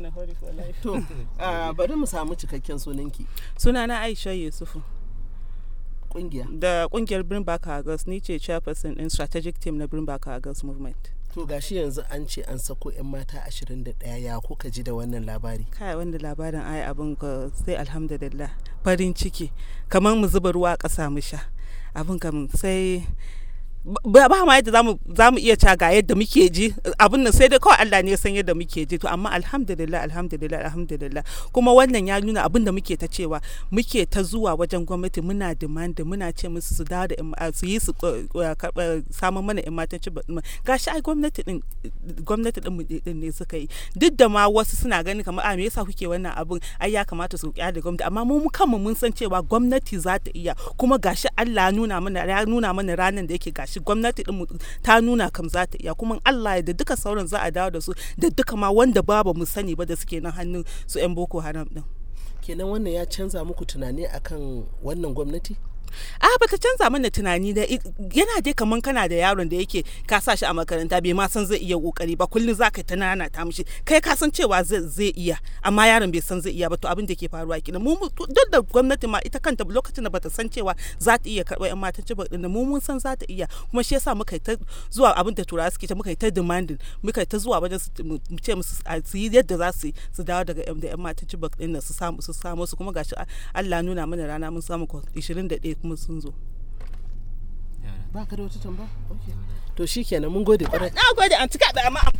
na ah, bari mu samu cikakken sunanki sunana Aisha Yusufu kungiya da kungiyar Brimbaka August ni ce chairperson din strategic team na Brimbaka August movement to gashi yanzu an ce an sako 'yan mata 21 ya kuka ji da wannan labari kai wanda labarin ai abin ka sai alhamdulillah farin ciki kamar mu zuba ruwa ƙasa mu sha abin kam sai ba ma yadda za mu iya ca ga yadda muke ji abin nan sai dai kawai Allah ne ya san yadda muke ji to amma alhamdulillah alhamdulillah alhamdulillah kuma wannan ya nuna abin da muke ta cewa muke ta zuwa wajen gwamnati muna demand muna ce musu su dawo da su yi su samun mana in matan ci gashi ai gwamnati din gwamnati din mu din ne suka yi duk da ma wasu suna ganin kamar a me yasa kuke wannan abin ai ya kamata su kyale gwamnati amma mu kanmu mun san cewa gwamnati za ta iya kuma gashi Allah ya nuna mana ya nuna mana ranan da yake gashi shi gwamnati din ta nuna kam za ta iya kuma Allah ya da duka sauran za a dawo da su da duka ma wanda babu mu sani ba da suke nan hannun su 'yan boko haram din kenan wannan ya canza muku tunani akan wannan gwamnati a ah, ba ta canza mana tunani da yana dai kaman kana da yaron da yake ka sa shi a makaranta bai ma san zai iya kokari ba kullum za ka tunana ta mishi kai ka san cewa zai iya amma yaron bai san zai iya ba to abin da ke faruwa kina mu duk da gwamnati ma ita kanta lokacin da bata san cewa za ta iya karɓar yan matan cibar din mu mun san za ta iya kuma shi yasa muka ta zuwa abin da turawa suke ta muka ta demanding muka ta zuwa wajen su ce musu su yi yadda za su su dawo daga yan matan cibar din su samu su samu su kuma gashi Allah nuna mana rana mun samu 21 kuma sun zo ba ka da wata tamba to shi kenan mun gode ƙwarai na gode an cika da amma